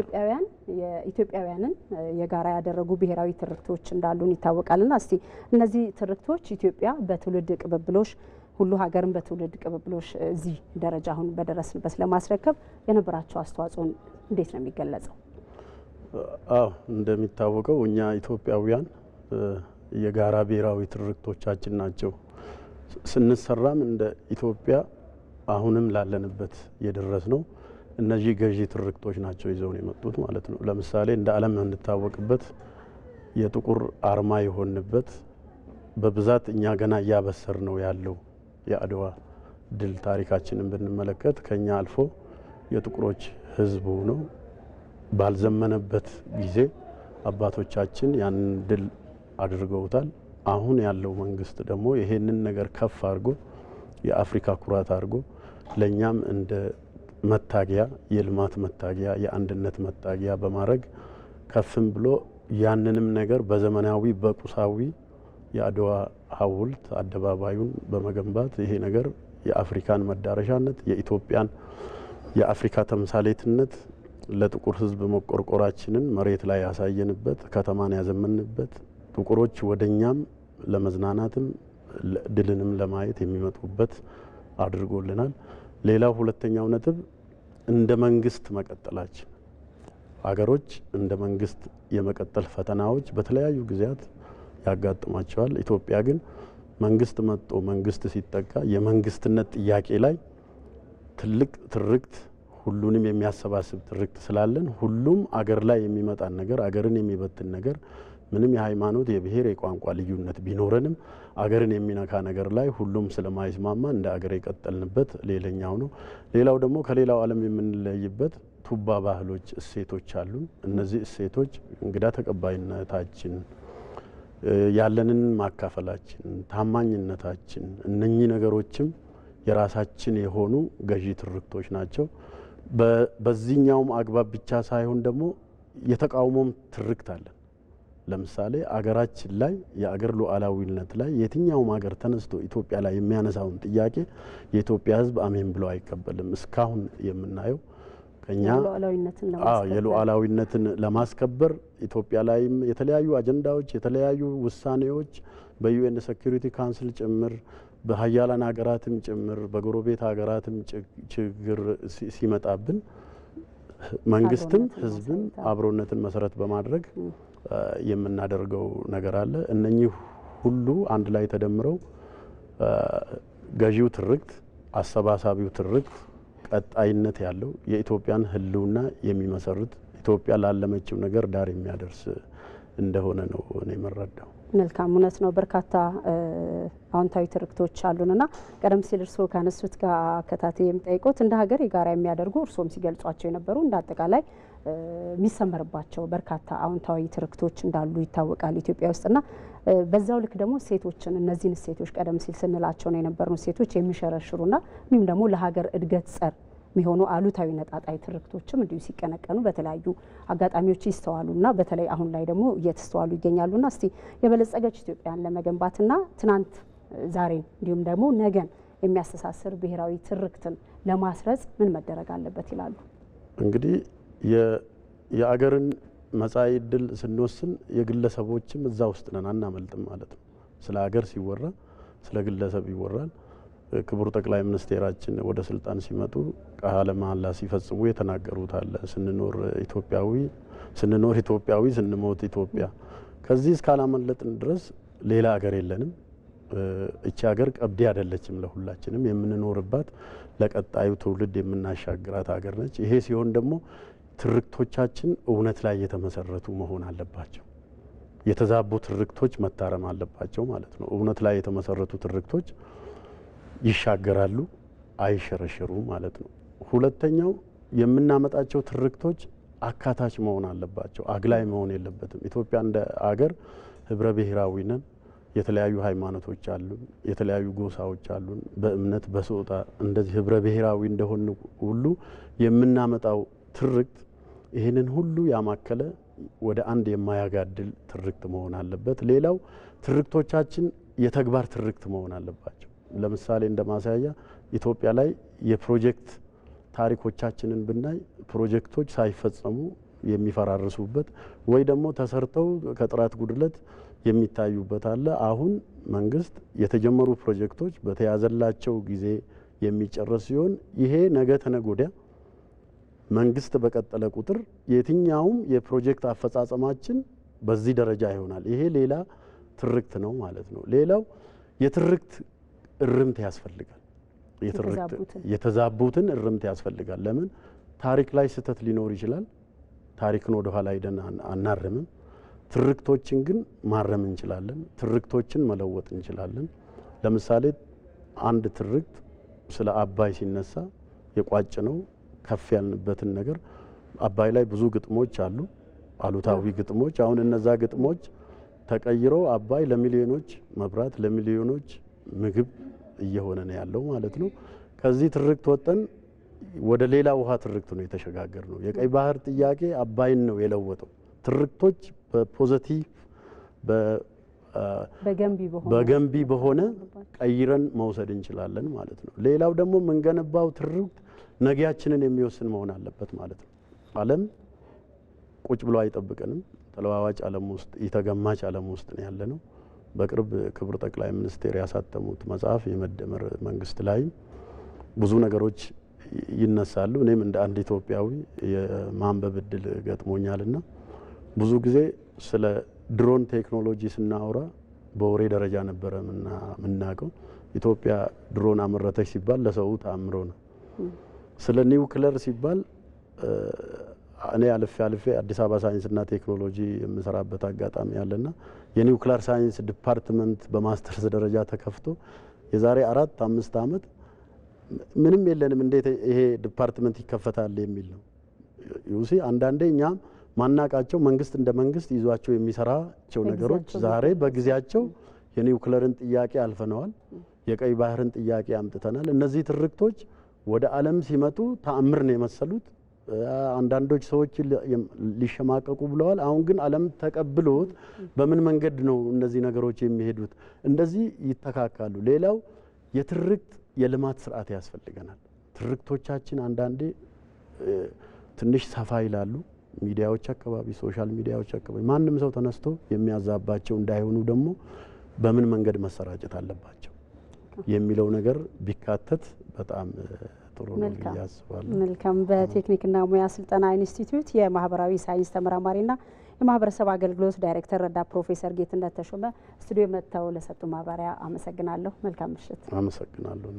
ኢትዮጵያውያን የኢትዮጵያውያንን የጋራ ያደረጉ ብሔራዊ ትርክቶች እንዳሉን ይታወቃልና እስቲ እነዚህ ትርክቶች ኢትዮጵያ በትውልድ ቅብብሎሽ ሁሉ ሀገርን በትውልድ ቅብብሎሽ እዚህ ደረጃ አሁን በደረስንበት ለማስረከብ የነበራቸው አስተዋጽኦን እንዴት ነው የሚገለጸው? አዎ እንደሚታወቀው እኛ ኢትዮጵያውያን የጋራ ብሔራዊ ትርክቶቻችን ናቸው። ስንሰራም እንደ ኢትዮጵያ አሁንም ላለንበት የደረስ ነው እነዚህ ገዢ ትርክቶች ናቸው ይዘውን የመጡት ማለት ነው። ለምሳሌ እንደ ዓለም የምንታወቅበት የጥቁር አርማ የሆንበት በብዛት እኛ ገና እያበሰር ነው ያለው የአድዋ ድል ታሪካችንን ብንመለከት ከኛ አልፎ የጥቁሮች ሕዝብ ሆኖ ባልዘመነበት ጊዜ አባቶቻችን ያንን ድል አድርገውታል። አሁን ያለው መንግስት ደግሞ ይሄንን ነገር ከፍ አድርጎ የአፍሪካ ኩራት አድርጎ ለእኛም እንደ መታጊያ የልማት መታጊያ የአንድነት መታጊያ በማድረግ ከፍም ብሎ ያንንም ነገር በዘመናዊ በቁሳዊ የአድዋ ሐውልት አደባባዩን በመገንባት ይሄ ነገር የአፍሪካን መዳረሻነት የኢትዮጵያን የአፍሪካ ተምሳሌትነት ለጥቁር ሕዝብ መቆርቆራችንን መሬት ላይ ያሳየንበት ከተማን ያዘመንበት ጥቁሮች ወደኛም ለመዝናናትም ድልንም ለማየት የሚመጡበት አድርጎልናል። ሌላው ሁለተኛው ነጥብ እንደ መንግስት መቀጠላችን አገሮች እንደ መንግስት የመቀጠል ፈተናዎች በተለያዩ ጊዜያት ያጋጥማቸዋል። ኢትዮጵያ ግን መንግስት መጥቶ መንግስት ሲጠቃ የመንግስትነት ጥያቄ ላይ ትልቅ ትርክት፣ ሁሉንም የሚያሰባስብ ትርክት ስላለን ሁሉም አገር ላይ የሚመጣን ነገር አገርን የሚበትን ነገር ምንም የሃይማኖት የብሔር፣ የቋንቋ ልዩነት ቢኖረንም አገርን የሚነካ ነገር ላይ ሁሉም ስለማይስማማ እንደ አገር የቀጠልንበት ሌላኛው ነው። ሌላው ደግሞ ከሌላው ዓለም የምንለይበት ቱባ ባህሎች፣ እሴቶች አሉን። እነዚህ እሴቶች እንግዳ ተቀባይነታችን ያለንን ማካፈላችን፣ ታማኝነታችን እነኚህ ነገሮችም የራሳችን የሆኑ ገዢ ትርክቶች ናቸው። በዚህኛውም አግባብ ብቻ ሳይሆን ደግሞ የተቃውሞም ትርክት አለን። ለምሳሌ አገራችን ላይ የአገር ሉዓላዊነት ላይ የትኛውም ሀገር ተነስቶ ኢትዮጵያ ላይ የሚያነሳውን ጥያቄ የኢትዮጵያ ሕዝብ አሜን ብሎ አይቀበልም። እስካሁን የምናየው ከኛ የሉዓላዊነትን ለማስከበር ኢትዮጵያ ላይም የተለያዩ አጀንዳዎች፣ የተለያዩ ውሳኔዎች በዩኤን ሴኩሪቲ ካውንስል ጭምር በሀያላን ሀገራትም ጭምር በጎረቤት ሀገራትም ችግር ሲመጣብን መንግስትም ህዝብን አብሮነትን መሰረት በማድረግ የምናደርገው ነገር አለ። እነኚህ ሁሉ አንድ ላይ ተደምረው ገዢው ትርክት፣ አሰባሳቢው ትርክት ቀጣይነት ያለው የኢትዮጵያን ሕልውና የሚመሰርት ኢትዮጵያ ላለመችው ነገር ዳር የሚያደርስ እንደሆነ ነው እኔ የምረዳው። መልካም እውነት ነው። በርካታ አዎንታዊ ትርክቶች አሉንና ቀደም ሲል እርስዎ ከነሱት ጋር አከታታይ የሚጠይቁት እንደ ሀገር የጋራ የሚያደርጉ እርስዎም ሲገልጿቸው የነበሩ እንደ አጠቃላይ የሚሰመርባቸው በርካታ አዎንታዊ ትርክቶች እንዳሉ ይታወቃል ኢትዮጵያ ውስጥና በዛው ልክ ደግሞ ሴቶችን እነዚህን ሴቶች ቀደም ሲል ስንላቸው ነው የነበሩ ሴቶች የሚሸረሽሩና እንዲሁም ደግሞ ለሀገር እድገት ጸር የሚሆኑ አሉታዊ ነጣጣይ ትርክቶችም እንዲሁ ሲቀነቀኑ በተለያዩ አጋጣሚዎች ይስተዋሉና በተለይ አሁን ላይ ደግሞ እየተስተዋሉ ይገኛሉና እስቲ የበለጸገች ኢትዮጵያን ለመገንባትና ትናንት ዛሬን እንዲሁም ደግሞ ነገን የሚያስተሳስር ብሔራዊ ትርክትን ለማስረጽ ምን መደረግ አለበት ይላሉ? እንግዲህ የአገርን መጻኢ ዕድል ስንወስን የግለሰቦችም እዛ ውስጥ ነን፣ አናመልጥም ማለት ነው። ስለ ሀገር ሲወራ ስለ ግለሰብ ይወራል። ክቡር ጠቅላይ ሚኒስቴራችን ወደ ስልጣን ሲመጡ ቃለ መሐላ ሲፈጽሙ የተናገሩት አለ ስንኖር ኢትዮጵያዊ ስንኖር ኢትዮጵያዊ ስንሞት ኢትዮጵያ። ከዚህ እስካላመለጥን ድረስ ሌላ ሀገር የለንም። እቺ ሀገር ቀብዴ አይደለችም። ለሁላችንም የምንኖርባት ለቀጣዩ ትውልድ የምናሻግራት ሀገር ነች። ይሄ ሲሆን ደግሞ ትርክቶቻችን እውነት ላይ የተመሰረቱ መሆን አለባቸው። የተዛቡ ትርክቶች መታረም አለባቸው ማለት ነው። እውነት ላይ የተመሰረቱ ትርክቶች ይሻገራሉ፣ አይሸረሸሩም ማለት ነው። ሁለተኛው የምናመጣቸው ትርክቶች አካታች መሆን አለባቸው። አግላይ መሆን የለበትም። ኢትዮጵያ እንደ አገር ህብረ ብሔራዊ ነን። የተለያዩ ሃይማኖቶች አሉን፣ የተለያዩ ጎሳዎች አሉን። በእምነት በሶጣ እንደዚህ ህብረ ብሔራዊ እንደሆን ሁሉ የምናመጣው ትርክት ይህንን ሁሉ ያማከለ ወደ አንድ የማያጋድል ትርክት መሆን አለበት። ሌላው ትርክቶቻችን የተግባር ትርክት መሆን አለባቸው። ለምሳሌ እንደ ማሳያ ኢትዮጵያ ላይ የፕሮጀክት ታሪኮቻችንን ብናይ ፕሮጀክቶች ሳይፈጸሙ የሚፈራርሱበት ወይ ደግሞ ተሰርተው ከጥራት ጉድለት የሚታዩበት አለ። አሁን መንግስት የተጀመሩ ፕሮጀክቶች በተያዘላቸው ጊዜ የሚጨረስ ሲሆን ይሄ ነገ ተነጎዳ መንግስት በቀጠለ ቁጥር የትኛውም የፕሮጀክት አፈጻጸማችን በዚህ ደረጃ ይሆናል። ይሄ ሌላ ትርክት ነው ማለት ነው። ሌላው የትርክት እርምት ያስፈልጋል። የተዛቡትን እርምት ያስፈልጋል። ለምን ታሪክ ላይ ስህተት ሊኖር ይችላል። ታሪክን ወደ ኋላ ሄደን አናርምም። ትርክቶችን ግን ማረም እንችላለን። ትርክቶችን መለወጥ እንችላለን። ለምሳሌ አንድ ትርክት ስለ አባይ ሲነሳ የቋጭ ነው ከፍ ያልንበትን ነገር አባይ ላይ ብዙ ግጥሞች አሉ፣ አሉታዊ ግጥሞች። አሁን እነዛ ግጥሞች ተቀይረው አባይ ለሚሊዮኖች መብራት፣ ለሚሊዮኖች ምግብ፣ እየሆነ ነው ያለው ማለት ነው። ከዚህ ትርክት ወጠን ወደ ሌላ ውሃ ትርክት ነው የተሸጋገር ነው። የቀይ ባህር ጥያቄ አባይን ነው የለወጠው። ትርክቶች በፖዘቲቭ በገንቢ በሆነ ቀይረን መውሰድ እንችላለን ማለት ነው። ሌላው ደግሞ የምንገነባው ትርክት ነጊያችንን የሚወስን መሆን አለበት ማለት ነው። ዓለም ቁጭ ብሎ አይጠብቀንም። ተለዋዋጭ ዓለም ውስጥ የተገማች ዓለም ውስጥ ነው ያለ ነው። በቅርብ ክቡር ጠቅላይ ሚኒስቴር ያሳተሙት መጽሐፍ የመደመር መንግስት ላይ ብዙ ነገሮች ይነሳሉ። እኔም እንደ አንድ ኢትዮጵያዊ የማንበብ እድል ገጥሞኛልና ብዙ ጊዜ ስለ ድሮን ቴክኖሎጂ ስናወራ በወሬ ደረጃ ነበረ የምናውቀው። ኢትዮጵያ ድሮን አመረተች ሲባል ለሰው ተአምሮ ነው። ስለ ኒውክለር ሲባል እኔ አልፌ አልፌ አዲስ አበባ ሳይንስና ቴክኖሎጂ የምሰራበት አጋጣሚ ያለና የኒውክሊር ሳይንስ ዲፓርትመንት በማስተርስ ደረጃ ተከፍቶ የዛሬ አራት አምስት ዓመት ምንም የለንም እንዴት ይሄ ዲፓርትመንት ይከፈታል የሚል ነው። ዩሲ አንዳንዴ እኛም ማናቃቸው መንግስት እንደ መንግስት ይዟቸው የሚሰራቸው ነገሮች ዛሬ በጊዜያቸው የኒውክለርን ጥያቄ አልፈነዋል። የቀይ ባህርን ጥያቄ አምጥተናል። እነዚህ ትርክቶች ወደ ዓለም ሲመጡ ተአምር ነው የመሰሉት። አንዳንዶች ሰዎች ሊሸማቀቁ ብለዋል። አሁን ግን ዓለም ተቀብሎት በምን መንገድ ነው እነዚህ ነገሮች የሚሄዱት? እንደዚህ ይተካካሉ። ሌላው የትርክት የልማት ስርዓት ያስፈልገናል። ትርክቶቻችን አንዳንዴ ትንሽ ሰፋ ይላሉ። ሚዲያዎች አካባቢ፣ ሶሻል ሚዲያዎች አካባቢ ማንም ሰው ተነስቶ የሚያዛባቸው እንዳይሆኑ ደግሞ በምን መንገድ መሰራጨት አለባቸው የሚለው ነገር ቢካተት በጣም ጥሩ ነው ብዬ አስባለሁ። መልካም። በቴክኒክና ሙያ ስልጠና ኢንስቲትዩት የማህበራዊ ሳይንስ ተመራማሪና የማህበረሰብ አገልግሎት ዳይሬክተር ረዳት ፕሮፌሰር ጌትነት ተሾመ ስቱዲዮ መጥተው ለሰጡ ማብራሪያ አመሰግናለሁ። መልካም ምሽት። አመሰግናለሁ።